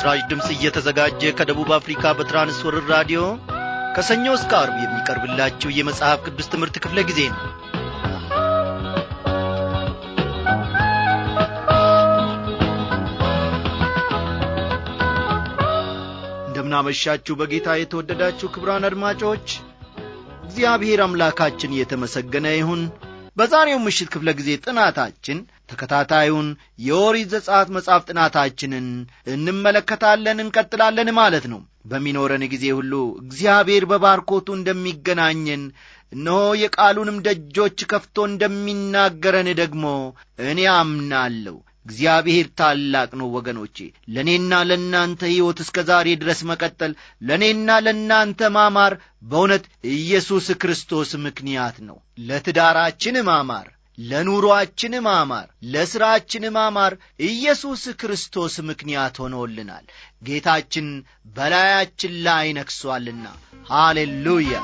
ለምስራች ድምፅ እየተዘጋጀ ከደቡብ አፍሪካ በትራንስወርር ራዲዮ ከሰኞ እስከ አርብ የሚቀርብላችሁ የመጽሐፍ ቅዱስ ትምህርት ክፍለ ጊዜ ነው እንደምናመሻችሁ በጌታ የተወደዳችሁ ክብራን አድማጮች እግዚአብሔር አምላካችን እየተመሰገነ ይሁን በዛሬው ምሽት ክፍለ ጊዜ ጥናታችን ተከታታዩን የኦሪት ዘጸአት መጽሐፍ ጥናታችንን እንመለከታለን፣ እንቀጥላለን ማለት ነው። በሚኖረን ጊዜ ሁሉ እግዚአብሔር በባርኮቱ እንደሚገናኘን እነሆ የቃሉንም ደጆች ከፍቶ እንደሚናገረን ደግሞ እኔ አምናለሁ። እግዚአብሔር ታላቅ ነው ወገኖቼ። ለእኔና ለእናንተ ሕይወት እስከ ዛሬ ድረስ መቀጠል፣ ለእኔና ለእናንተ ማማር በእውነት ኢየሱስ ክርስቶስ ምክንያት ነው። ለትዳራችን ማማር ለኑሮአችን ማማር፣ ለሥራችን ማማር ኢየሱስ ክርስቶስ ምክንያት ሆኖልናል። ጌታችን በላያችን ላይ ነግሷልና። ሃሌሉያ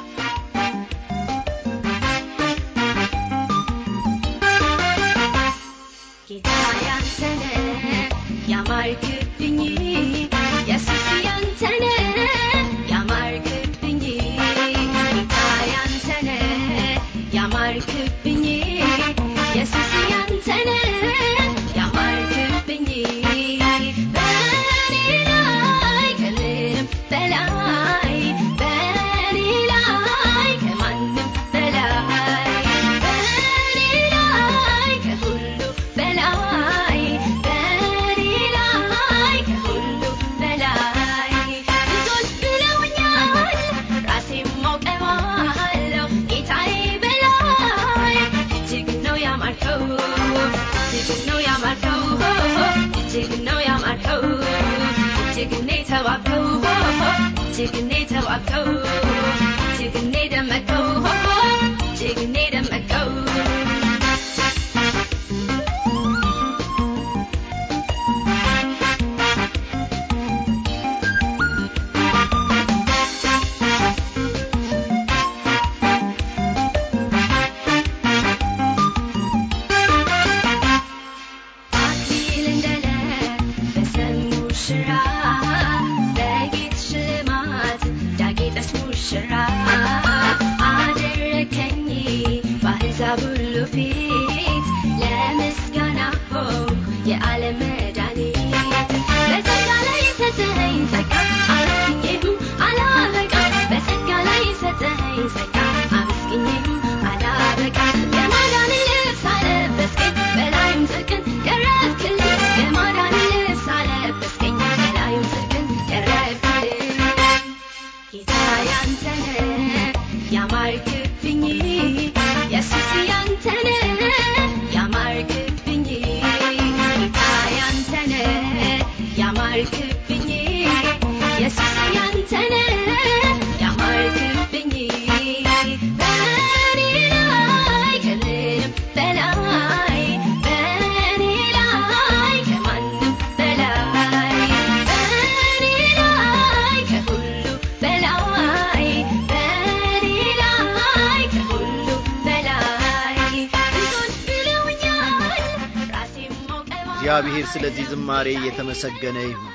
እግዚአብሔር ስለዚህ ዝማሬ የተመሰገነ ይሁን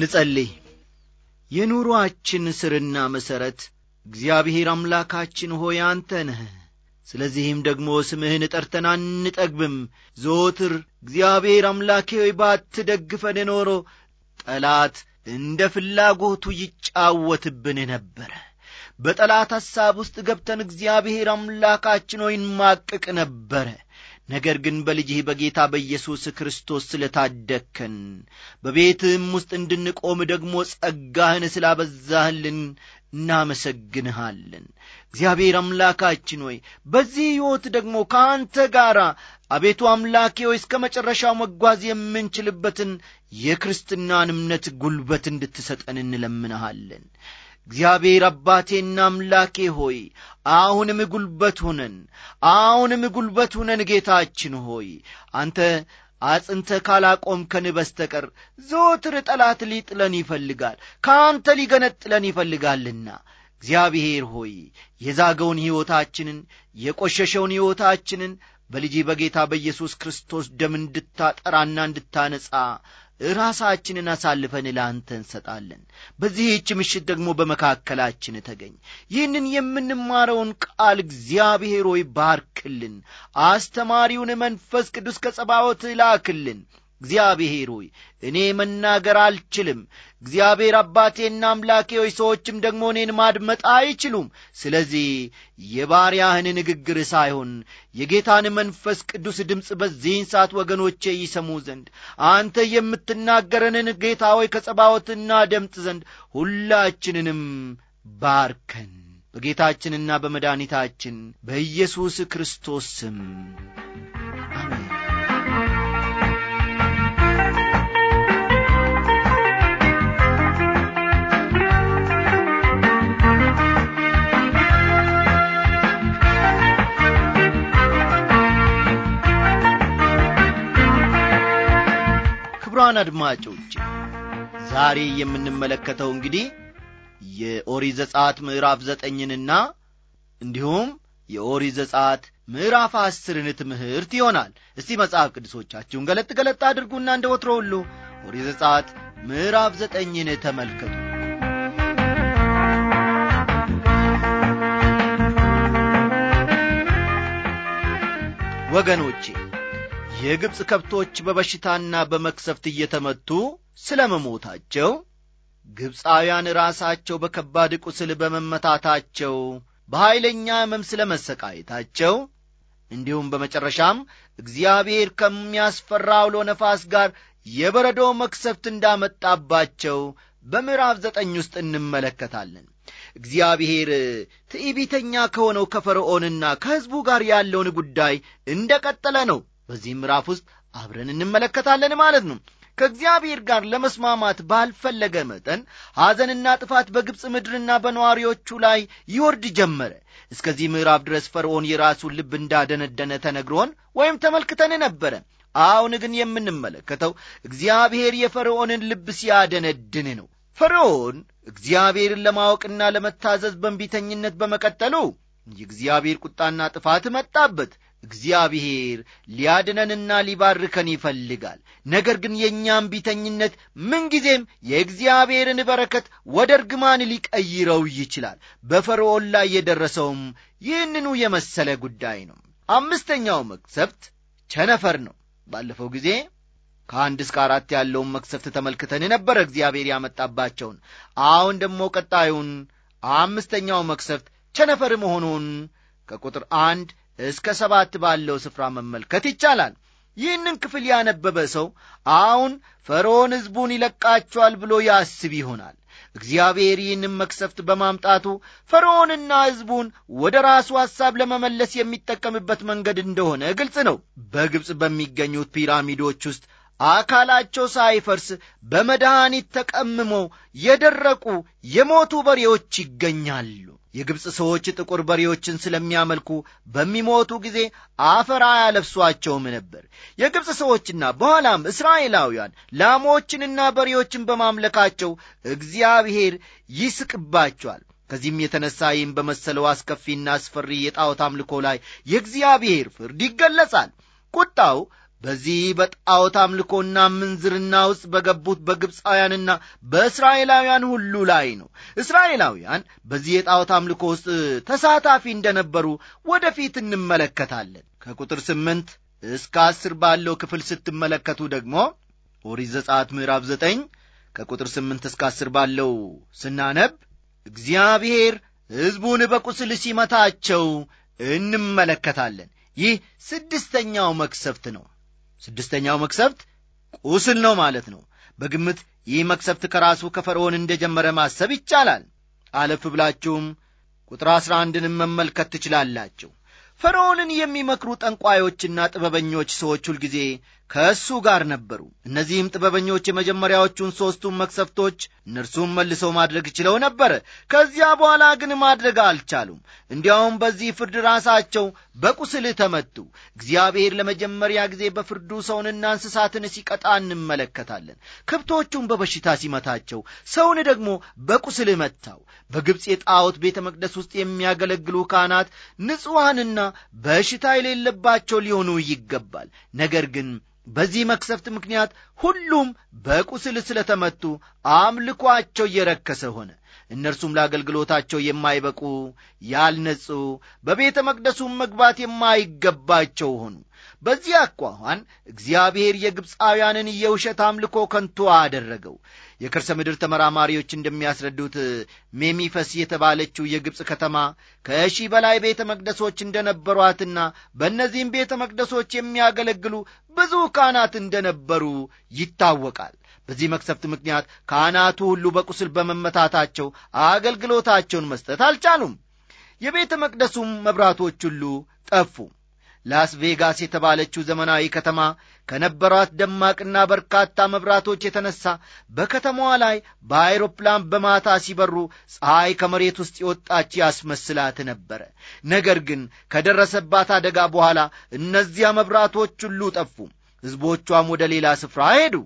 ንጸልይ የኑሮአችን ሥርና መሠረት እግዚአብሔር አምላካችን ሆይ አንተ ነህ ስለዚህም ደግሞ ስምህን ጠርተን አንጠግብም ዞትር እግዚአብሔር አምላኬ ሆይ ባትደግፈን ኖሮ ጠላት እንደ ፍላጎቱ ይጫወትብን ነበረ በጠላት ሐሳብ ውስጥ ገብተን እግዚአብሔር አምላካችን ሆይ እንማቅቅ ነበረ ነገር ግን በልጅህ በጌታ በኢየሱስ ክርስቶስ ስለታደግከን በቤትህም ውስጥ እንድንቆም ደግሞ ጸጋህን ስላበዛህልን እናመሰግንሃለን። እግዚአብሔር አምላካችን ሆይ በዚህ ሕይወት ደግሞ ከአንተ ጋር አቤቱ አምላኬ ሆይ እስከ መጨረሻው መጓዝ የምንችልበትን የክርስትናን እምነት ጉልበት እንድትሰጠን እንለምንሃለን። እግዚአብሔር አባቴና አምላኬ ሆይ አሁንም ጉልበት ሁነን አሁንም ጉልበት ሁነን ጌታችን ሆይ አንተ አጽንተ ካላቆምከን በስተቀር ዞትር ጠላት ሊጥለን ይፈልጋል ከአንተ ሊገነጥለን ይፈልጋልና እግዚአብሔር ሆይ የዛገውን ሕይወታችንን የቈሸሸውን ሕይወታችንን በልጅ በጌታ በኢየሱስ ክርስቶስ ደም እንድታጠራና እንድታነጻ ራሳችንን አሳልፈን ለአንተ እንሰጣለን። በዚህች ምሽት ደግሞ በመካከላችን ተገኝ። ይህንን የምንማረውን ቃል እግዚአብሔር ሆይ ባርክልን። አስተማሪውን መንፈስ ቅዱስ ከጸባወት ላክልን። እግዚአብሔር ሆይ እኔ መናገር አልችልም። እግዚአብሔር አባቴና አምላኬ ሆይ ሰዎችም ደግሞ እኔን ማድመጥ አይችሉም። ስለዚህ የባሪያህን ንግግር ሳይሆን የጌታን መንፈስ ቅዱስ ድምፅ በዚህን ሰዓት ወገኖቼ ይሰሙ ዘንድ አንተ የምትናገረንን ጌታ ሆይ ከጸባወትና ደምጥ ዘንድ ሁላችንንም ባርከን በጌታችንና በመድኒታችን በኢየሱስ ክርስቶስ ስም ክቡራን አድማጮች ዛሬ የምንመለከተው እንግዲህ የኦሪት ዘጸአት ምዕራፍ ዘጠኝንና እንዲሁም የኦሪት ዘጸአት ምዕራፍ አስርን ትምህርት ይሆናል እስቲ መጽሐፍ ቅዱሶቻችሁን ገለጥ ገለጥ አድርጉና እንደ ወትሮ ሁሉ ኦሪት ዘጸአት ምዕራፍ ዘጠኝን ተመልከቱ ወገኖቼ የግብፅ ከብቶች በበሽታና በመክሰፍት እየተመቱ ስለ መሞታቸው ግብፃውያን ራሳቸው በከባድ ቁስል በመመታታቸው በኀይለኛ ሕመም ስለ መሰቃየታቸው እንዲሁም በመጨረሻም እግዚአብሔር ከሚያስፈራ አውሎ ነፋስ ጋር የበረዶ መክሰፍት እንዳመጣባቸው በምዕራፍ ዘጠኝ ውስጥ እንመለከታለን። እግዚአብሔር ትዕቢተኛ ከሆነው ከፈርዖንና ከሕዝቡ ጋር ያለውን ጉዳይ እንደ ቀጠለ ነው። በዚህ ምዕራፍ ውስጥ አብረን እንመለከታለን ማለት ነው ከእግዚአብሔር ጋር ለመስማማት ባልፈለገ መጠን ሐዘንና ጥፋት በግብፅ ምድርና በነዋሪዎቹ ላይ ይወርድ ጀመረ እስከዚህ ምዕራፍ ድረስ ፈርዖን የራሱን ልብ እንዳደነደነ ተነግሮን ወይም ተመልክተን ነበረ አሁን ግን የምንመለከተው እግዚአብሔር የፈርዖንን ልብ ሲያደነድን ነው ፈርዖን እግዚአብሔርን ለማወቅና ለመታዘዝ በንቢተኝነት በመቀጠሉ የእግዚአብሔር ቁጣና ጥፋት መጣበት እግዚአብሔር ሊያድነንና ሊባርከን ይፈልጋል። ነገር ግን የእኛም ቢተኝነት ምንጊዜም የእግዚአብሔርን በረከት ወደ እርግማን ሊቀይረው ይችላል። በፈርዖን ላይ የደረሰውም ይህንኑ የመሰለ ጉዳይ ነው። አምስተኛው መቅሰፍት ቸነፈር ነው። ባለፈው ጊዜ ከአንድ እስከ አራት ያለውን መቅሰፍት ተመልክተን ነበረ፣ እግዚአብሔር ያመጣባቸውን። አሁን ደግሞ ቀጣዩን አምስተኛው መቅሰፍት ቸነፈር መሆኑን ከቁጥር አንድ እስከ ሰባት ባለው ስፍራ መመልከት ይቻላል። ይህንን ክፍል ያነበበ ሰው አሁን ፈርዖን ሕዝቡን ይለቃቸዋል ብሎ ያስብ ይሆናል። እግዚአብሔር ይህንም መክሰፍት በማምጣቱ ፈርዖንና ሕዝቡን ወደ ራሱ ሐሳብ ለመመለስ የሚጠቀምበት መንገድ እንደሆነ ግልጽ ነው። በግብፅ በሚገኙት ፒራሚዶች ውስጥ አካላቸው ሳይፈርስ በመድኃኒት ተቀምመው የደረቁ የሞቱ በሬዎች ይገኛሉ። የግብፅ ሰዎች ጥቁር በሬዎችን ስለሚያመልኩ በሚሞቱ ጊዜ አፈር ያለብሷቸውም ነበር። የግብፅ ሰዎችና በኋላም እስራኤላውያን ላሞችንና በሬዎችን በማምለካቸው እግዚአብሔር ይስቅባቸዋል። ከዚህም የተነሳ ይህም በመሰለው አስከፊና አስፈሪ የጣዖት አምልኮ ላይ የእግዚአብሔር ፍርድ ይገለጻል። ቁጣው በዚህ በጣዖት አምልኮና ምንዝርና ውስጥ በገቡት በግብፃውያንና በእስራኤላውያን ሁሉ ላይ ነው። እስራኤላውያን በዚህ የጣዖት አምልኮ ውስጥ ተሳታፊ እንደነበሩ ወደፊት እንመለከታለን። ከቁጥር ስምንት እስከ አስር ባለው ክፍል ስትመለከቱ ደግሞ ኦሪት ዘጻት ምዕራብ ዘጠኝ ከቁጥር ስምንት እስከ አስር ባለው ስናነብ እግዚአብሔር ሕዝቡን በቁስል ሲመታቸው እንመለከታለን። ይህ ስድስተኛው መክሰፍት ነው። ስድስተኛው መክሰብት ቁስል ነው ማለት ነው በግምት ይህ መክሰብት ከራሱ ከፈርዖን እንደ ጀመረ ማሰብ ይቻላል አለፍ ብላችሁም ቁጥር አሥራ አንድንም መመልከት ትችላላችሁ ፈርዖንን የሚመክሩ ጠንቋዮችና ጥበበኞች ሰዎች ሁልጊዜ ከእሱ ጋር ነበሩ። እነዚህም ጥበበኞች የመጀመሪያዎቹን ሦስቱን መክሰፍቶች እነርሱም መልሰው ማድረግ ችለው ነበር። ከዚያ በኋላ ግን ማድረግ አልቻሉም። እንዲያውም በዚህ ፍርድ ራሳቸው በቁስል ተመቱ። እግዚአብሔር ለመጀመሪያ ጊዜ በፍርዱ ሰውንና እንስሳትን ሲቀጣ እንመለከታለን። ከብቶቹን በበሽታ ሲመታቸው፣ ሰውን ደግሞ በቁስል መታው። በግብፅ የጣዖት ቤተ መቅደስ ውስጥ የሚያገለግሉ ካህናት ንጹሐንና በሽታ የሌለባቸው ሊሆኑ ይገባል። ነገር ግን በዚህ መክሰፍት ምክንያት ሁሉም በቁስል ተመቱ አምልኳቸው እየረከሰ ሆነ። እነርሱም ለአገልግሎታቸው የማይበቁ ያልነጹ፣ በቤተ መቅደሱም መግባት የማይገባቸው ሆኑ። በዚህ አኳኋን እግዚአብሔር የግብፃውያንን የውሸት አምልኮ ከንቱ አደረገው። የከርሰ ምድር ተመራማሪዎች እንደሚያስረዱት ሜሚፈስ የተባለችው የግብፅ ከተማ ከሺህ በላይ ቤተ መቅደሶች እንደነበሯትና በእነዚህም ቤተ መቅደሶች የሚያገለግሉ ብዙ ካህናት እንደነበሩ ይታወቃል። በዚህ መክሰፍት ምክንያት ካህናቱ ሁሉ በቁስል በመመታታቸው አገልግሎታቸውን መስጠት አልቻሉም። የቤተ መቅደሱም መብራቶች ሁሉ ጠፉ። ላስ ቬጋስ የተባለችው ዘመናዊ ከተማ ከነበሯት ደማቅና በርካታ መብራቶች የተነሳ በከተማዋ ላይ በአይሮፕላን በማታ ሲበሩ ፀሐይ ከመሬት ውስጥ የወጣች ያስመስላት ነበረ። ነገር ግን ከደረሰባት አደጋ በኋላ እነዚያ መብራቶች ሁሉ ጠፉ። ሕዝቦቿም ወደ ሌላ ስፍራ ሄዱ።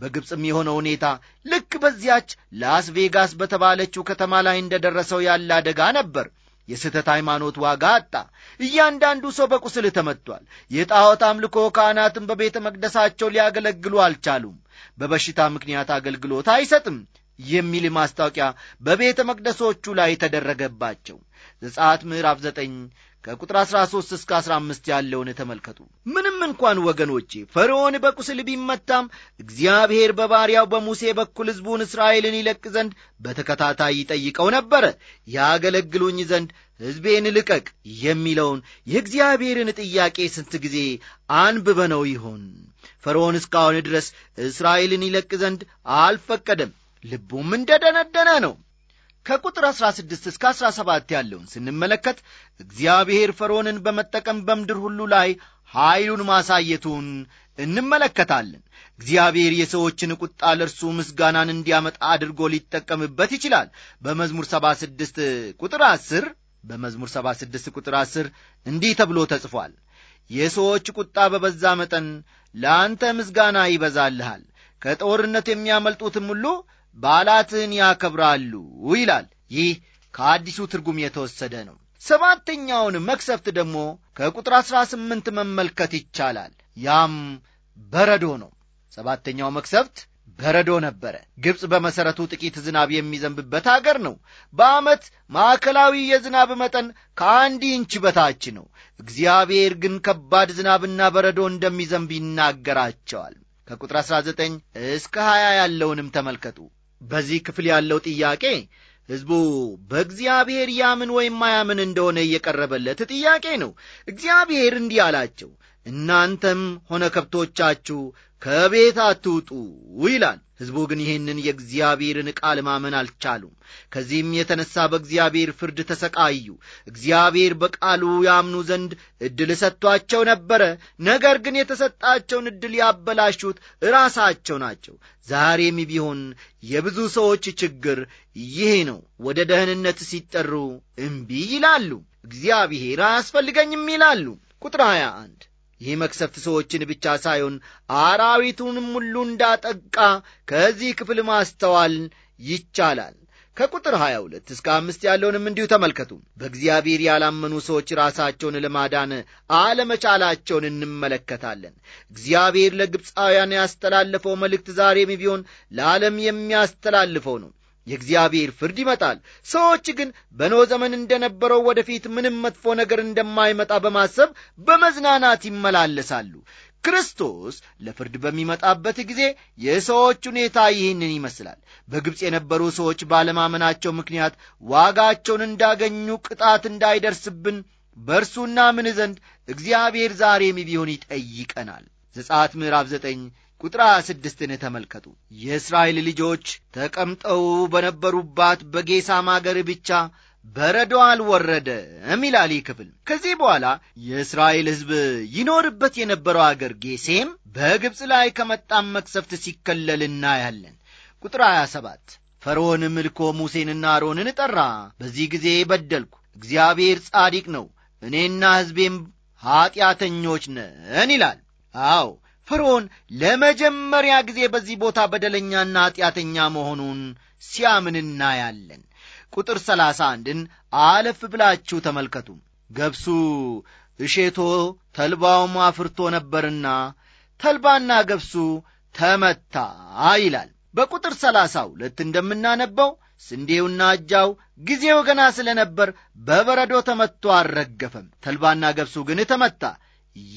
በግብፅም የሆነ ሁኔታ ልክ በዚያች ላስ ቬጋስ በተባለችው ከተማ ላይ እንደ ደረሰው ያለ አደጋ ነበር። የስህተት ሃይማኖት ዋጋ አጣ። እያንዳንዱ ሰው በቁስል ተመጥቷል። የጣዖት አምልኮ ካህናትን በቤተ መቅደሳቸው ሊያገለግሉ አልቻሉም። በበሽታ ምክንያት አገልግሎት አይሰጥም የሚል ማስታወቂያ በቤተ መቅደሶቹ ላይ ተደረገባቸው። ዘጸአት ምዕራፍ ዘጠኝ ከቁጥር 13 እስከ 15 ያለውን ተመልከቱ። ምንም እንኳን ወገኖቼ ፈርዖን በቁስል ቢመታም እግዚአብሔር በባሪያው በሙሴ በኩል ሕዝቡን እስራኤልን ይለቅ ዘንድ በተከታታይ ይጠይቀው ነበረ። ያገለግሉኝ ዘንድ ሕዝቤን ልቀቅ የሚለውን የእግዚአብሔርን ጥያቄ ስንት ጊዜ አንብበነው ይሆን? ፈርዖን እስካሁን ድረስ እስራኤልን ይለቅ ዘንድ አልፈቀደም። ልቡም እንደደነደነ ነው። ከቁጥር 16 እስከ 17 ያለውን ስንመለከት እግዚአብሔር ፈርዖንን በመጠቀም በምድር ሁሉ ላይ ኀይሉን ማሳየቱን እንመለከታለን። እግዚአብሔር የሰዎችን ቁጣ ለእርሱ ምስጋናን እንዲያመጣ አድርጎ ሊጠቀምበት ይችላል። በመዝሙር 76 ቁጥር 10 በመዝሙር 76 ቁጥር 10 እንዲህ ተብሎ ተጽፏል። የሰዎች ቁጣ በበዛ መጠን ለአንተ ምስጋና ይበዛልሃል፣ ከጦርነት የሚያመልጡትም ሁሉ በዓላትን ያከብራሉ ይላል። ይህ ከአዲሱ ትርጉም የተወሰደ ነው። ሰባተኛውን መክሰፍት ደግሞ ከቁጥር አሥራ ስምንት መመልከት ይቻላል። ያም በረዶ ነው። ሰባተኛው መክሰፍት በረዶ ነበረ። ግብፅ በመሠረቱ ጥቂት ዝናብ የሚዘንብበት አገር ነው። በዓመት ማዕከላዊ የዝናብ መጠን ከአንድ ኢንች በታች ነው። እግዚአብሔር ግን ከባድ ዝናብና በረዶ እንደሚዘንብ ይናገራቸዋል። ከቁጥር 19 እስከ 20 ያለውንም ተመልከቱ። በዚህ ክፍል ያለው ጥያቄ ሕዝቡ በእግዚአብሔር ያምን ወይም ማያምን እንደሆነ እየቀረበለት ጥያቄ ነው። እግዚአብሔር እንዲህ አላቸው፣ እናንተም ሆነ ከብቶቻችሁ ከቤት አትውጡ ይላል። ሕዝቡ ግን ይህንን የእግዚአብሔርን ቃል ማመን አልቻሉም። ከዚህም የተነሣ በእግዚአብሔር ፍርድ ተሰቃዩ። እግዚአብሔር በቃሉ ያምኑ ዘንድ ዕድል ሰጥቷቸው ነበረ። ነገር ግን የተሰጣቸውን ዕድል ያበላሹት ራሳቸው ናቸው። ዛሬም ቢሆን የብዙ ሰዎች ችግር ይህ ነው። ወደ ደህንነት ሲጠሩ እምቢ ይላሉ። እግዚአብሔር አያስፈልገኝም ይላሉ። ቁጥር 21 ይህ መክሰፍት ሰዎችን ብቻ ሳይሆን አራዊቱንም ሁሉ እንዳጠቃ ከዚህ ክፍል ማስተዋል ይቻላል። ከቁጥር 22 እስከ አምስት ያለውንም እንዲሁ ተመልከቱ። በእግዚአብሔር ያላመኑ ሰዎች ራሳቸውን ለማዳን አለመቻላቸውን እንመለከታለን። እግዚአብሔር ለግብፃውያን ያስተላለፈው መልእክት ዛሬም ቢሆን ለዓለም የሚያስተላልፈው ነው። የእግዚአብሔር ፍርድ ይመጣል። ሰዎች ግን በኖ ዘመን እንደነበረው ወደፊት ምንም መጥፎ ነገር እንደማይመጣ በማሰብ በመዝናናት ይመላለሳሉ። ክርስቶስ ለፍርድ በሚመጣበት ጊዜ የሰዎች ሁኔታ ይህንን ይመስላል። በግብፅ የነበሩ ሰዎች ባለማመናቸው ምክንያት ዋጋቸውን እንዳገኙ ቅጣት እንዳይደርስብን በእርሱና ምን ዘንድ እግዚአብሔር ዛሬም ቢሆን ይጠይቀናል። ዘጸአት ምዕራፍ 9 ቁጥር ስድስትን ተመልከቱ። የእስራኤል ልጆች ተቀምጠው በነበሩባት በጌሳም አገር ብቻ በረዶ አልወረደም ይላል ይህ ክፍል። ከዚህ በኋላ የእስራኤል ሕዝብ ይኖርበት የነበረው አገር ጌሴም በግብፅ ላይ ከመጣም መቅሰፍት ሲከለል እናያለን። ቁጥር 27 ፈርዖንም ልኮ ሙሴንና አሮንን ጠራ። በዚህ ጊዜ በደልኩ፣ እግዚአብሔር ጻዲቅ ነው፣ እኔና ሕዝቤም ኀጢአተኞች ነን ይላል። አዎ ፈርዖን ለመጀመሪያ ጊዜ በዚህ ቦታ በደለኛና ኀጢአተኛ መሆኑን ሲያምን እናያለን። ቁጥር ሰላሳ አንድን አለፍ ብላችሁ ተመልከቱ። ገብሱ እሼቶ ተልባውም አፍርቶ ነበርና ተልባና ገብሱ ተመታ ይላል። በቁጥር ሰላሳ ሁለት እንደምናነበው ስንዴውና አጃው ጊዜው ገና ስለነበር በበረዶ ተመቶ አልረገፈም። ተልባና ገብሱ ግን ተመታ።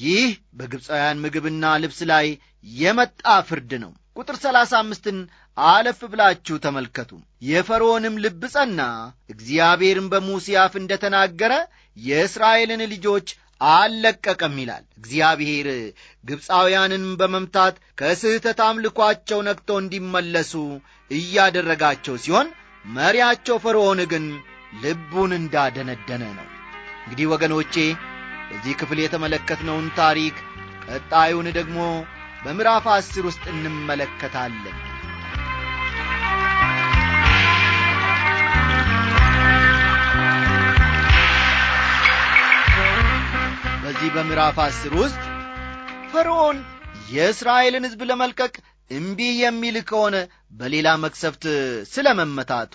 ይህ በግብፃውያን ምግብና ልብስ ላይ የመጣ ፍርድ ነው። ቁጥር ሰላሳ አምስትን አለፍ ብላችሁ ተመልከቱ። የፈርዖንም ልብ ጸና፣ እግዚአብሔርም በሙሴ አፍ እንደ ተናገረ የእስራኤልን ልጆች አልለቀቀም ይላል። እግዚአብሔር ግብፃውያንን በመምታት ከስህተት አምልኳቸው ነቅቶ እንዲመለሱ እያደረጋቸው ሲሆን መሪያቸው ፈርዖን ግን ልቡን እንዳደነደነ ነው። እንግዲህ ወገኖቼ በዚህ ክፍል የተመለከትነውን ታሪክ ቀጣዩን ደግሞ በምዕራፍ አስር ውስጥ እንመለከታለን በዚህ በምዕራፍ አስር ውስጥ ፈርዖን የእስራኤልን ሕዝብ ለመልቀቅ እምቢ የሚል ከሆነ በሌላ መክሰፍት ስለ መመታቱ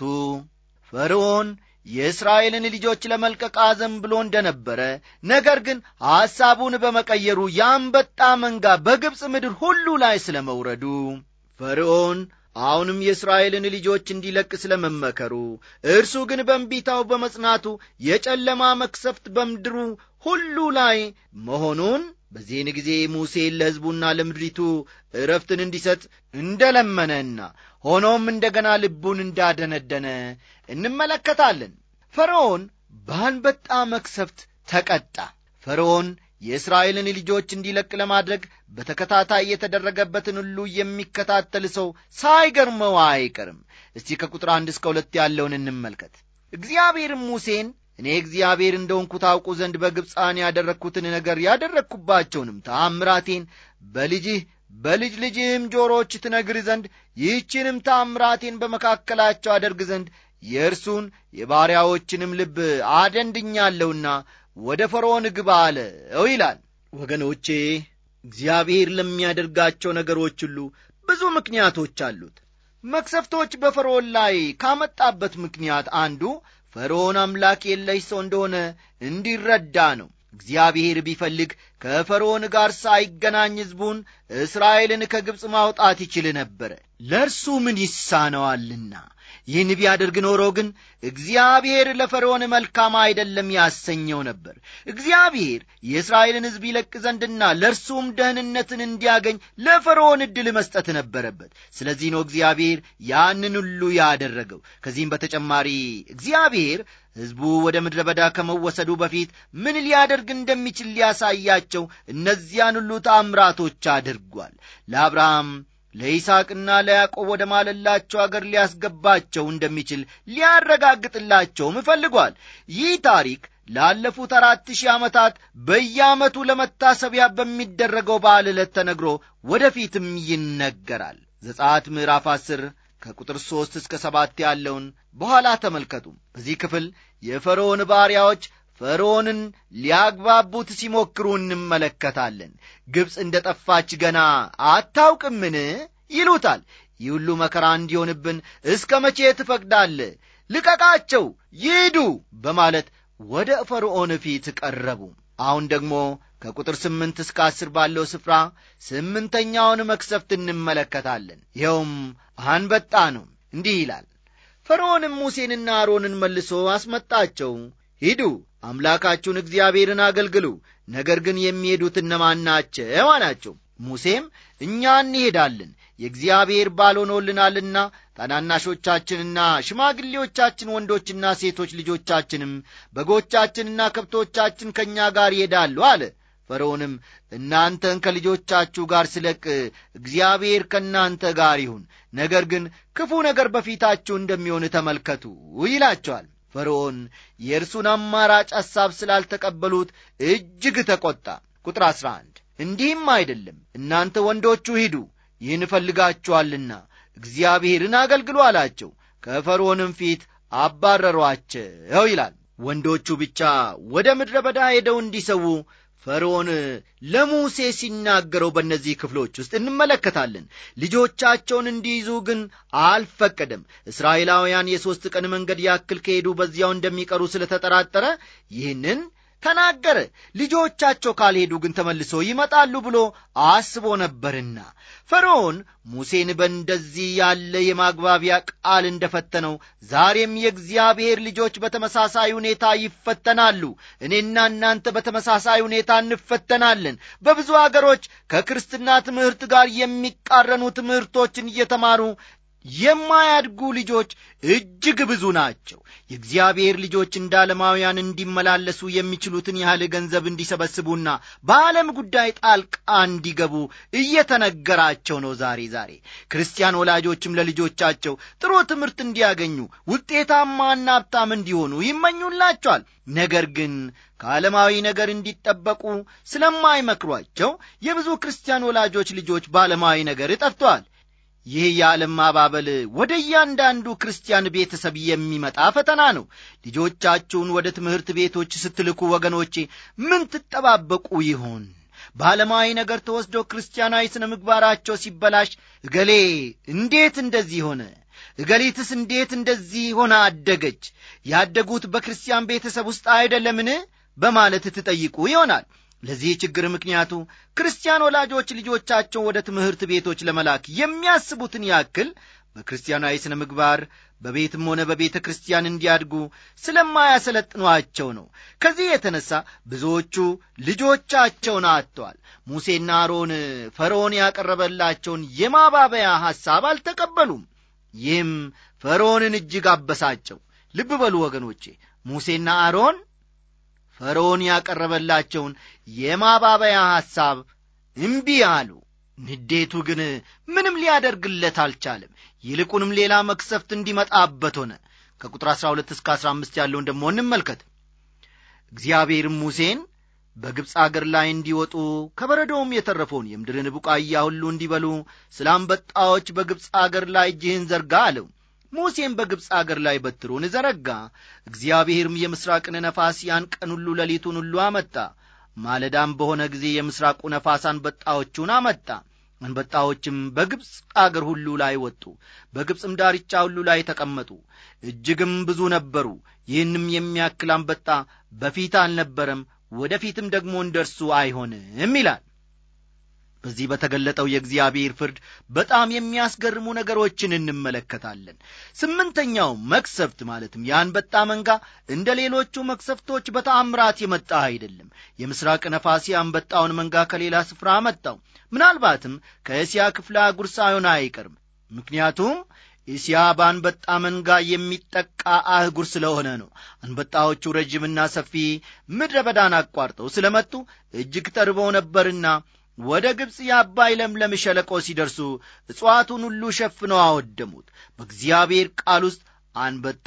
ፈርዖን የእስራኤልን ልጆች ለመልቀቅ አዘን ብሎ እንደነበረ ነገር ግን ሐሳቡን በመቀየሩ የአንበጣ መንጋ በግብፅ ምድር ሁሉ ላይ ስለ መውረዱ ፈርዖን አሁንም የእስራኤልን ልጆች እንዲለቅ ስለመመከሩ እርሱ ግን በእምቢታው በመጽናቱ የጨለማ መክሰፍት በምድሩ ሁሉ ላይ መሆኑን በዚህን ጊዜ ሙሴ ለሕዝቡና ለምድሪቱ ዕረፍትን እንዲሰጥ እንደ ለመነና ሆኖም እንደ ገና ልቡን እንዳደነደነ እንመለከታለን። ፈርዖን በአንበጣ መክሰፍት ተቀጣ። ፈርዖን የእስራኤልን ልጆች እንዲለቅ ለማድረግ በተከታታይ የተደረገበትን ሁሉ የሚከታተል ሰው ሳይገርመው አይቀርም። እስቲ ከቁጥር አንድ እስከ ሁለት ያለውን እንመልከት። እግዚአብሔርም ሙሴን እኔ እግዚአብሔር እንደሆንኩ ታውቁ ዘንድ በግብፃን ያደረግኩትን ነገር ያደረግኩባቸውንም ታምራቴን በልጅህ በልጅ ልጅህም ጆሮች ትነግር ዘንድ ይህችንም ታምራቴን በመካከላቸው አደርግ ዘንድ የእርሱን የባሪያዎችንም ልብ አደንድኛለሁና ወደ ፈርዖን ግባ አለው ይላል። ወገኖቼ እግዚአብሔር ለሚያደርጋቸው ነገሮች ሁሉ ብዙ ምክንያቶች አሉት። መክሰፍቶች በፈርዖን ላይ ካመጣበት ምክንያት አንዱ ፈርዖን አምላክ የለሽ ሰው እንደሆነ እንዲረዳ ነው። እግዚአብሔር ቢፈልግ ከፈርዖን ጋር ሳይገናኝ ሕዝቡን እስራኤልን ከግብፅ ማውጣት ይችል ነበረ። ለእርሱ ምን ይሳነዋልና ይህን ቢያደርግ ኖሮ ግን እግዚአብሔር ለፈርዖን መልካም አይደለም ያሰኘው ነበር። እግዚአብሔር የእስራኤልን ሕዝብ ይለቅ ዘንድና ለእርሱም ደህንነትን እንዲያገኝ ለፈርዖን ዕድል መስጠት ነበረበት። ስለዚህ ነው እግዚአብሔር ያንን ሁሉ ያደረገው። ከዚህም በተጨማሪ እግዚአብሔር ሕዝቡ ወደ ምድረ በዳ ከመወሰዱ በፊት ምን ሊያደርግ እንደሚችል ሊያሳያቸው እነዚያን ሁሉ ተአምራቶች አድርጓል። ለአብርሃም ለይስሐቅና ለያዕቆብ ወደ ማለላቸው አገር ሊያስገባቸው እንደሚችል ሊያረጋግጥላቸውም እፈልጓል። ይህ ታሪክ ላለፉት አራት ሺህ ዓመታት በየዓመቱ ለመታሰቢያ በሚደረገው በዓል ዕለት ተነግሮ ወደፊትም ይነገራል። ዘጻት ምዕራፍ ዐሥር ከቁጥር ሦስት እስከ ሰባት ያለውን በኋላ ተመልከቱ። በዚህ ክፍል የፈርዖን ባሪያዎች ፈርዖንን ሊያግባቡት ሲሞክሩ እንመለከታለን። ግብፅ እንደ ጠፋች ገና አታውቅምን ይሉታል። ይህ ሁሉ መከራ እንዲሆንብን እስከ መቼ ትፈቅዳለ? ልቀቃቸው ይሂዱ በማለት ወደ ፈርዖን ፊት ቀረቡ። አሁን ደግሞ ከቁጥር ስምንት እስከ አስር ባለው ስፍራ ስምንተኛውን መክሰፍት እንመለከታለን። ይኸውም አንበጣ ነው። እንዲህ ይላል፣ ፈርዖንም ሙሴንና አሮንን መልሶ አስመጣቸው። ሂዱ አምላካችሁን እግዚአብሔርን አገልግሉ፣ ነገር ግን የሚሄዱት እነማን ናቸው አላቸው። ሙሴም እኛ እንሄዳለን የእግዚአብሔር ባል ሆኖልናልና ታናናሾቻችንና ሽማግሌዎቻችን ወንዶችና ሴቶች ልጆቻችንም በጎቻችንና ከብቶቻችን ከእኛ ጋር ይሄዳሉ አለ። ፈርዖንም እናንተን ከልጆቻችሁ ጋር ስለቅ እግዚአብሔር ከእናንተ ጋር ይሁን፣ ነገር ግን ክፉ ነገር በፊታችሁ እንደሚሆን ተመልከቱ ይላቸዋል። ፈርዖን የእርሱን አማራጭ ሐሳብ ስላልተቀበሉት እጅግ ተቈጣ። ቁጥር 11 እንዲህም አይደለም፣ እናንተ ወንዶቹ ሂዱ፣ ይህን እፈልጋችኋልና እግዚአብሔርን አገልግሉ አላቸው። ከፈርዖንም ፊት አባረሯቸው ይላል። ወንዶቹ ብቻ ወደ ምድረ በዳ ሄደው እንዲሰዉ ፈርዖን ለሙሴ ሲናገረው በእነዚህ ክፍሎች ውስጥ እንመለከታለን። ልጆቻቸውን እንዲይዙ ግን አልፈቀደም። እስራኤላውያን የሦስት ቀን መንገድ ያክል ከሄዱ በዚያው እንደሚቀሩ ስለተጠራጠረ ይህንን ተናገረ። ልጆቻቸው ካልሄዱ ግን ተመልሶ ይመጣሉ ብሎ አስቦ ነበርና ፈርዖን ሙሴን በእንደዚህ ያለ የማግባቢያ ቃል እንደፈተነው ዛሬም የእግዚአብሔር ልጆች በተመሳሳይ ሁኔታ ይፈተናሉ። እኔና እናንተ በተመሳሳይ ሁኔታ እንፈተናለን። በብዙ አገሮች ከክርስትና ትምህርት ጋር የሚቃረኑ ትምህርቶችን እየተማሩ የማያድጉ ልጆች እጅግ ብዙ ናቸው። የእግዚአብሔር ልጆች እንደ ዓለማውያን እንዲመላለሱ የሚችሉትን ያህል ገንዘብ እንዲሰበስቡና በዓለም ጉዳይ ጣልቃ እንዲገቡ እየተነገራቸው ነው። ዛሬ ዛሬ ክርስቲያን ወላጆችም ለልጆቻቸው ጥሩ ትምህርት እንዲያገኙ ውጤታማና ሀብታም እንዲሆኑ ይመኙላቸዋል። ነገር ግን ከዓለማዊ ነገር እንዲጠበቁ ስለማይመክሯቸው የብዙ ክርስቲያን ወላጆች ልጆች በዓለማዊ ነገር ጠፍተዋል። ይህ የዓለም ማባበል ወደ እያንዳንዱ ክርስቲያን ቤተሰብ የሚመጣ ፈተና ነው። ልጆቻችሁን ወደ ትምህርት ቤቶች ስትልኩ ወገኖቼ ምን ትጠባበቁ ይሆን? በዓለማዊ ነገር ተወስዶ ክርስቲያናዊ ሥነ ምግባራቸው ሲበላሽ እገሌ እንዴት እንደዚህ ሆነ? እገሊትስ እንዴት እንደዚህ ሆነ አደገች? ያደጉት በክርስቲያን ቤተሰብ ውስጥ አይደለምን? በማለት ትጠይቁ ይሆናል። ለዚህ ችግር ምክንያቱ ክርስቲያን ወላጆች ልጆቻቸውን ወደ ትምህርት ቤቶች ለመላክ የሚያስቡትን ያክል በክርስቲያናዊ ሥነ ምግባር በቤትም ሆነ በቤተ ክርስቲያን እንዲያድጉ ስለማያሰለጥኗቸው ነው። ከዚህ የተነሳ ብዙዎቹ ልጆቻቸውን አጥተዋል። ሙሴና አሮን ፈርዖን ያቀረበላቸውን የማባበያ ሐሳብ አልተቀበሉም። ይህም ፈርዖንን እጅግ አበሳጨው። ልብ በሉ ወገኖቼ ሙሴና አሮን ፈርዖን ያቀረበላቸውን የማባበያ ሐሳብ እምቢ አሉ። ንዴቱ ግን ምንም ሊያደርግለት አልቻለም። ይልቁንም ሌላ መክሰፍት እንዲመጣበት ሆነ። ከቁጥር 12 እስከ 15 ያለውን ደግሞ እንመልከት። እግዚአብሔርም ሙሴን በግብፅ አገር ላይ እንዲወጡ ከበረዶውም የተረፈውን የምድርን ቡቃያ ሁሉ እንዲበሉ ስለ አንበጣዎች በግብፅ አገር ላይ እጅህን ዘርጋ አለው። ሙሴም በግብፅ አገር ላይ በትሩን ዘረጋ። እግዚአብሔርም የምሥራቅን ነፋስ ያን ቀን ሁሉ ሌሊቱን ሁሉ አመጣ። ማለዳም በሆነ ጊዜ የምሥራቁ ነፋስ አንበጣዎቹን አመጣ። አንበጣዎችም በግብፅ አገር ሁሉ ላይ ወጡ፣ በግብፅም ዳርቻ ሁሉ ላይ ተቀመጡ። እጅግም ብዙ ነበሩ። ይህንም የሚያክል አንበጣ በፊት አልነበረም፣ ወደፊትም ደግሞ እንደርሱ አይሆንም ይላል። በዚህ በተገለጠው የእግዚአብሔር ፍርድ በጣም የሚያስገርሙ ነገሮችን እንመለከታለን። ስምንተኛው መክሰፍት ማለትም የአንበጣ መንጋ እንደ ሌሎቹ መክሰፍቶች በተአምራት የመጣ አይደለም። የምሥራቅ ነፋስ አንበጣውን መንጋ ከሌላ ስፍራ መጣው። ምናልባትም ከእስያ ክፍለ አህጉር ሳይሆን አይቀርም። ምክንያቱም እስያ በአንበጣ መንጋ የሚጠቃ አህጉር ስለሆነ ነው። አንበጣዎቹ ረዥምና ሰፊ ምድረ በዳን አቋርጠው ስለመጡ እጅግ ተርበው ነበርና ወደ ግብፅ የአባይ ለምለም ሸለቆ ሲደርሱ እጽዋቱን ሁሉ ሸፍነው አወደሙት። በእግዚአብሔር ቃል ውስጥ አንበጣ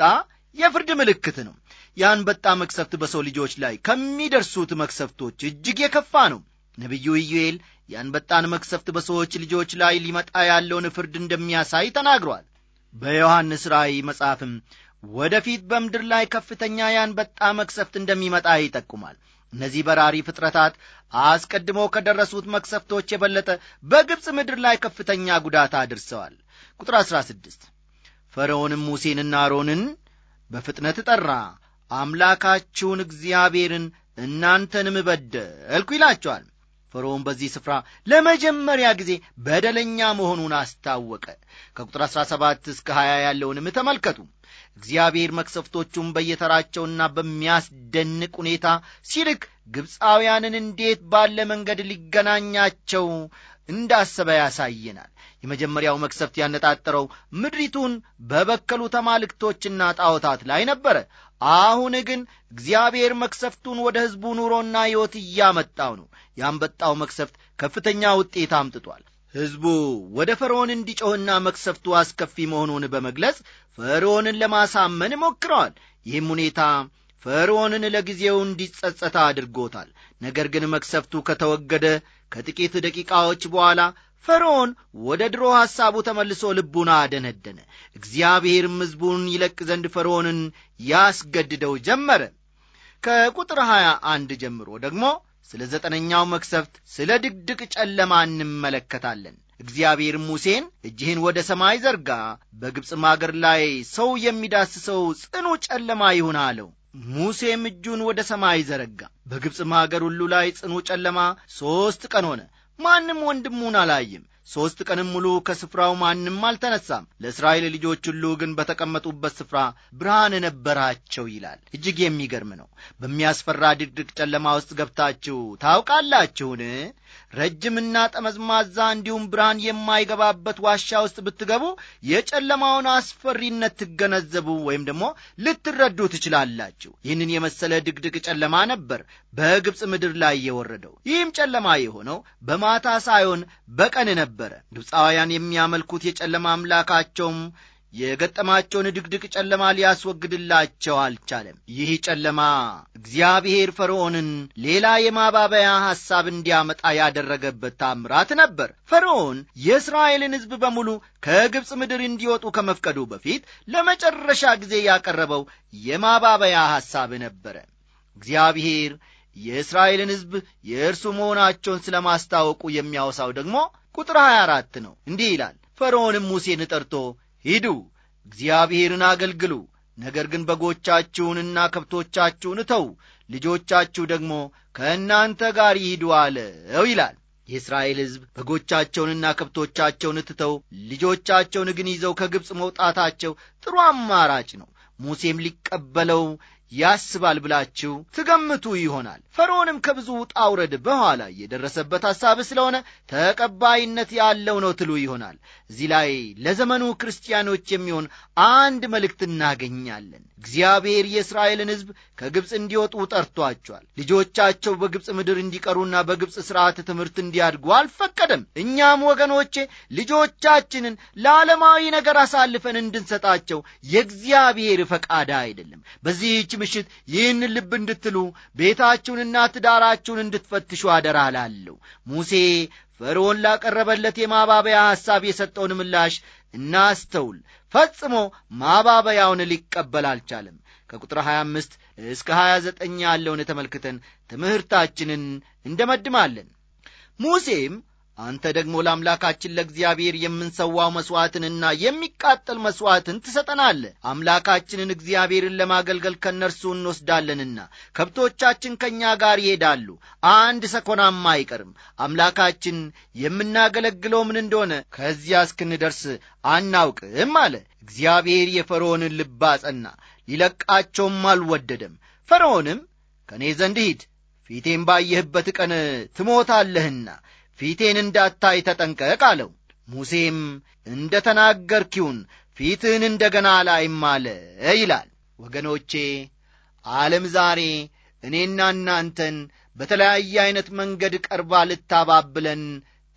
የፍርድ ምልክት ነው። የአንበጣ መቅሰፍት በሰው ልጆች ላይ ከሚደርሱት መቅሰፍቶች እጅግ የከፋ ነው። ነቢዩ ኢዩኤል የአንበጣን መቅሰፍት በሰዎች ልጆች ላይ ሊመጣ ያለውን ፍርድ እንደሚያሳይ ተናግሯል። በዮሐንስ ራእይ መጽሐፍም ወደፊት በምድር ላይ ከፍተኛ የአንበጣ መቅሰፍት እንደሚመጣ ይጠቁማል። እነዚህ በራሪ ፍጥረታት አስቀድሞ ከደረሱት መቅሰፍቶች የበለጠ በግብፅ ምድር ላይ ከፍተኛ ጉዳት አድርሰዋል። ቁጥር 16 ፈርዖንም ሙሴንና አሮንን በፍጥነት ጠራ፣ አምላካችሁን እግዚአብሔርን እናንተንም በደልኩ ይላቸዋል። ፈርዖን በዚህ ስፍራ ለመጀመሪያ ጊዜ በደለኛ መሆኑን አስታወቀ። ከቁጥር 17 እስከ 20 ያለውንም ተመልከቱ። እግዚአብሔር መክሰፍቶቹን በየተራቸውና በሚያስደንቅ ሁኔታ ሲልክ ግብፃውያንን እንዴት ባለ መንገድ ሊገናኛቸው እንዳሰበ ያሳየናል። የመጀመሪያው መክሰፍት ያነጣጠረው ምድሪቱን በበከሉ ተማልክቶችና ጣዖታት ላይ ነበረ። አሁን ግን እግዚአብሔር መክሰፍቱን ወደ ሕዝቡ ኑሮና ሕይወት እያመጣው ነው። የአንበጣው መክሰፍት ከፍተኛ ውጤት አምጥቷል። ሕዝቡ ወደ ፈርዖን እንዲጮህና መክሰፍቱ አስከፊ መሆኑን በመግለጽ ፈርዖንን ለማሳመን ሞክረዋል። ይህም ሁኔታ ፈርዖንን ለጊዜው እንዲጸጸታ አድርጎታል። ነገር ግን መክሰፍቱ ከተወገደ ከጥቂት ደቂቃዎች በኋላ ፈርዖን ወደ ድሮ ሐሳቡ ተመልሶ ልቡን አደነደነ። እግዚአብሔርም ሕዝቡን ይለቅ ዘንድ ፈርዖንን ያስገድደው ጀመረ። ከቁጥር 2 አንድ ጀምሮ ደግሞ ስለ ዘጠነኛው መክሰፍት ስለ ድቅድቅ ጨለማ እንመለከታለን። እግዚአብሔር ሙሴን እጅህን ወደ ሰማይ ዘርጋ፣ በግብፅም አገር ላይ ሰው የሚዳስሰው ጽኑ ጨለማ ይሁን አለው። ሙሴም እጁን ወደ ሰማይ ዘረጋ፣ በግብፅም አገር ሁሉ ላይ ጽኑ ጨለማ ሦስት ቀን ሆነ። ማንም ወንድሙን አላየም። ሦስት ቀንም ሙሉ ከስፍራው ማንም አልተነሳም። ለእስራኤል ልጆች ሁሉ ግን በተቀመጡበት ስፍራ ብርሃን ነበራቸው ይላል። እጅግ የሚገርም ነው። በሚያስፈራ ድቅድቅ ጨለማ ውስጥ ገብታችሁ ታውቃላችሁን? ረጅምና ጠመዝማዛ እንዲሁም ብርሃን የማይገባበት ዋሻ ውስጥ ብትገቡ የጨለማውን አስፈሪነት ትገነዘቡ ወይም ደግሞ ልትረዱ ትችላላችሁ። ይህንን የመሰለ ድቅድቅ ጨለማ ነበር በግብፅ ምድር ላይ የወረደው። ይህም ጨለማ የሆነው በማታ ሳይሆን በቀን ነበር። ነበረ። ግብፃውያን የሚያመልኩት የጨለማ አምላካቸውም የገጠማቸውን ድቅድቅ ጨለማ ሊያስወግድላቸው አልቻለም። ይህ ጨለማ እግዚአብሔር ፈርዖንን ሌላ የማባበያ ሐሳብ እንዲያመጣ ያደረገበት ታምራት ነበር። ፈርዖን የእስራኤልን ሕዝብ በሙሉ ከግብፅ ምድር እንዲወጡ ከመፍቀዱ በፊት ለመጨረሻ ጊዜ ያቀረበው የማባበያ ሐሳብ ነበረ። እግዚአብሔር የእስራኤልን ሕዝብ የእርሱ መሆናቸውን ስለ ማስታወቁ የሚያወሳው ደግሞ ቁጥር 24 ነው። እንዲህ ይላል፣ ፈርዖንም ሙሴን ጠርቶ ሂዱ፣ እግዚአብሔርን አገልግሉ፣ ነገር ግን በጎቻችሁንና ከብቶቻችሁን እተው፣ ልጆቻችሁ ደግሞ ከእናንተ ጋር ይሂዱ አለው ይላል። የእስራኤል ሕዝብ በጎቻቸውንና ከብቶቻቸውን ትተው ልጆቻቸውን ግን ይዘው ከግብፅ መውጣታቸው ጥሩ አማራጭ ነው። ሙሴም ሊቀበለው ያስባል ብላችሁ ትገምቱ ይሆናል። ፈርዖንም ከብዙ ውጣ ውረድ በኋላ የደረሰበት ሐሳብ ስለሆነ ተቀባይነት ያለው ነው ትሉ ይሆናል። እዚህ ላይ ለዘመኑ ክርስቲያኖች የሚሆን አንድ መልእክት እናገኛለን። እግዚአብሔር የእስራኤልን ሕዝብ ከግብፅ እንዲወጡ ጠርቷቸዋል። ልጆቻቸው በግብፅ ምድር እንዲቀሩና በግብፅ ሥርዓት ትምህርት እንዲያድጉ አልፈቀደም። እኛም ወገኖቼ ልጆቻችንን ለዓለማዊ ነገር አሳልፈን እንድንሰጣቸው የእግዚአብሔር ፈቃድ አይደለም። በዚህች ምሽት ይህን ልብ እንድትሉ ቤታችሁንና ትዳራችሁን እንድትፈትሹ አደራ እላለሁ። ሙሴ ፈርዖን ላቀረበለት የማባበያ ሐሳብ የሰጠውን ምላሽ እናስተውል። ፈጽሞ ማባበያውን ሊቀበል አልቻለም። ከቁጥር 25 እስከ 29 ያለውን ተመልክተን ትምህርታችንን እንደመድማለን። ሙሴም አንተ ደግሞ ለአምላካችን ለእግዚአብሔር የምንሰዋው መሥዋዕትንና የሚቃጠል መሥዋዕትን ትሰጠናለ አምላካችንን እግዚአብሔርን ለማገልገል ከእነርሱ እንወስዳለንና ከብቶቻችን ከእኛ ጋር ይሄዳሉ፣ አንድ ሰኮናም አይቀርም። አምላካችን የምናገለግለው ምን እንደሆነ ከዚያ እስክንደርስ አናውቅም አለ። እግዚአብሔር የፈርዖንን ልብ አጸና፣ ሊለቃቸውም አልወደደም። ፈርዖንም ከእኔ ዘንድ ሂድ፣ ፊቴም ባየህበት ቀን ትሞታለህና ፊቴን እንዳታይ ተጠንቀቅ አለው። ሙሴም እንደ ተናገርኪውን ፊትህን እንደ ገና አላይም አለ ይላል። ወገኖቼ ዓለም ዛሬ እኔና እናንተን በተለያየ ዐይነት መንገድ ቀርባ ልታባብለን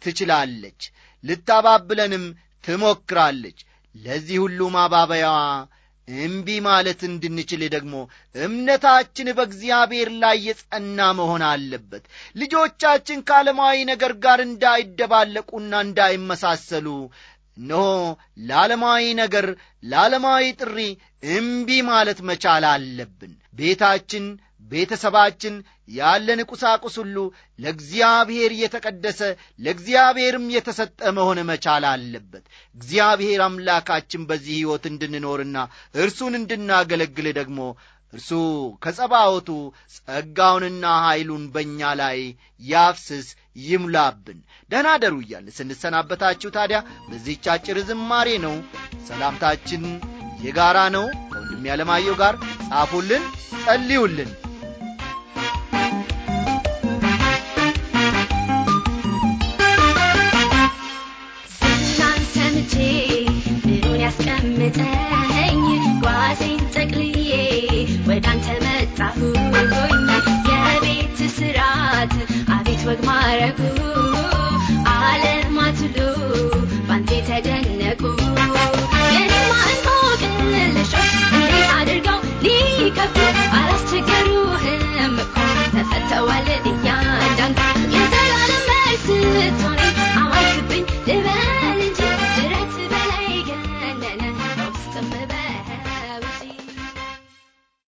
ትችላለች፣ ልታባብለንም ትሞክራለች። ለዚህ ሁሉ ማባበያዋ እምቢ ማለት እንድንችል ደግሞ እምነታችን በእግዚአብሔር ላይ የጸና መሆን አለበት። ልጆቻችን ከዓለማዊ ነገር ጋር እንዳይደባለቁና እንዳይመሳሰሉ እነሆ ለዓለማዊ ነገር ለዓለማዊ ጥሪ እምቢ ማለት መቻል አለብን። ቤታችን ቤተሰባችን ያለን ቁሳቁስ ሁሉ ለእግዚአብሔር የተቀደሰ ለእግዚአብሔርም የተሰጠ መሆን መቻል አለበት። እግዚአብሔር አምላካችን በዚህ ሕይወት እንድንኖርና እርሱን እንድናገለግል ደግሞ እርሱ ከጸባወቱ ጸጋውንና ኀይሉን በእኛ ላይ ያፍስስ ይምላብን። ደህና አደሩ እያልን ስንሰናበታችሁ ታዲያ በዚህች አጭር ዝማሬ ነው። ሰላምታችን የጋራ ነው። ከወንድሜ ዓለማየሁ ጋር ጻፉልን፣ ጸልዩልን። አስጨበጠኝ ጓዜን ጠቅልዬ ወደ አንተ መጣሁኝ የቤት ስራት አቤት ወግ